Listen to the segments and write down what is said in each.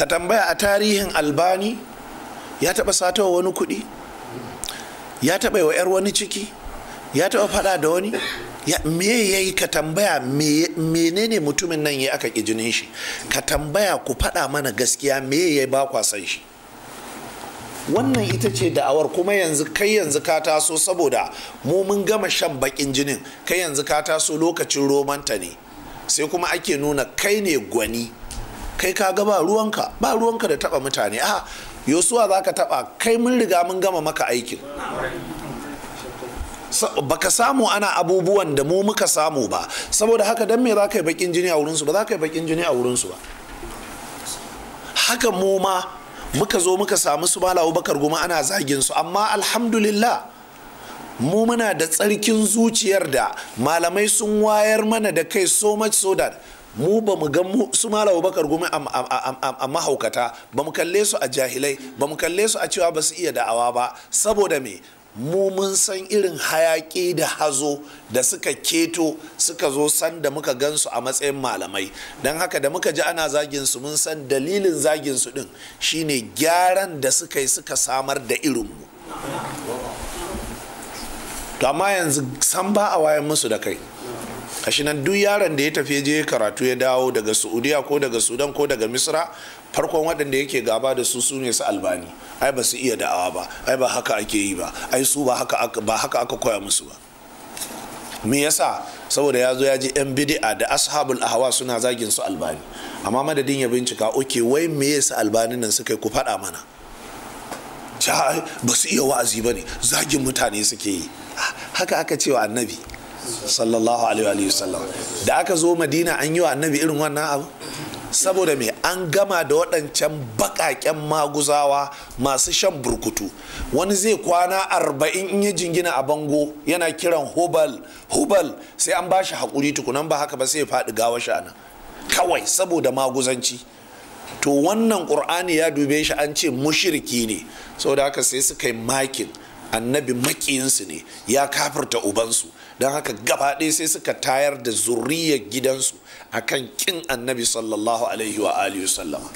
ka tambaya a tarihin albani ya taɓa satawa wani kuɗi ya taɓa wa 'yar wani ciki ya taɓa faɗa da wani me ya yi ka tambaya menene mutumin nan ya aka ƙi jinin shi ka tambaya ku faɗa mana gaskiya me ya ba kwa shi wannan ita ce da'awar kuma yanzu kai yanzu ka taso saboda mu mun gama shan bakin jinin kai yanzu ka taso lokacin romanta ne sai kuma ake nuna kai ne gwani kai ka ga ba ruwanka ba ruwanka da taba mutane a yosuwa za ka taba kai mun riga mun gama maka aikin baka samu ana abubuwan da mu muka samu ba saboda haka dan me za ka yi bakin jini a wurinsu ba za ka yi bakin jini a wurinsu ba haka mu ma muka zo muka samu su mala bakar goma ana zagin su amma alhamdulillah mu muna da tsarkin zuciyar da malamai sun wayar mana da kai so much so that mu ba mu ga su mala bakar gumi a mahaukata ba mu kalle su a jahilai ba mu kalle su a cewa ba su iya da'awa ba saboda me mu mun san irin hayaƙi da hazo da suka keto suka zo san da muka su a matsayin malamai don haka da muka ji ana zagin su mun san dalilin zagin su din shine gyaran da suka yi suka samar da irin mu. to amma yanzu san ba a wayan musu da kai ashe nan duk yaron da ya tafi je karatu ya dawo daga saudiya ko daga sudan ko daga misra farkon waɗanda yake gaba da su su ne su albani ai ba su iya da'awa ba ai ba haka ake yi ba ai su ba haka aka koya musu ba me yasa saboda ya zo ya ji yan bid'a da ashabul ahwa suna zagin su albani amma madadin ya bincika oke wai me yasa albani nan suka ku faɗa mana ba su iya wa'azi ba ne zagin mutane suke yi haka aka cewa annabi sallallahu alaihi wa sallam. da aka zo madina an yi wa annabi irin wannan abu saboda me an gama da waɗancan baƙaƙen maguzawa masu shan burkutu wani zai kwana arba'in in yi jingina a bango yana kiran hubal hubal sai an bashi haƙuri tukunan ba haka ba sai ya faɗi gawa shana kawai saboda maguzanci to wannan ƙur'ani ya dube shi an ce mushirki ne saboda haka sai suka yi makin annabi makiyinsu ne ya kafirta ubansu don haka gaba ɗaya sai suka tayar da zurriyar gidansu akan kin annabi sallallahu alaihi wa alihi sallama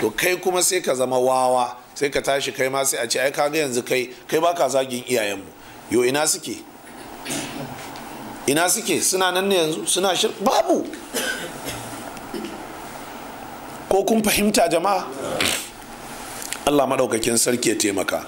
to kai kuma sai ka zama wawa sai ka tashi kai ma sai a ce ai kaga yanzu kai kai baka zagin iyayenmu yo ina suke ina suke suna nan ne yanzu suna shir babu ko kun fahimta jama'a Allah maɗaukakin sarki ya taimaka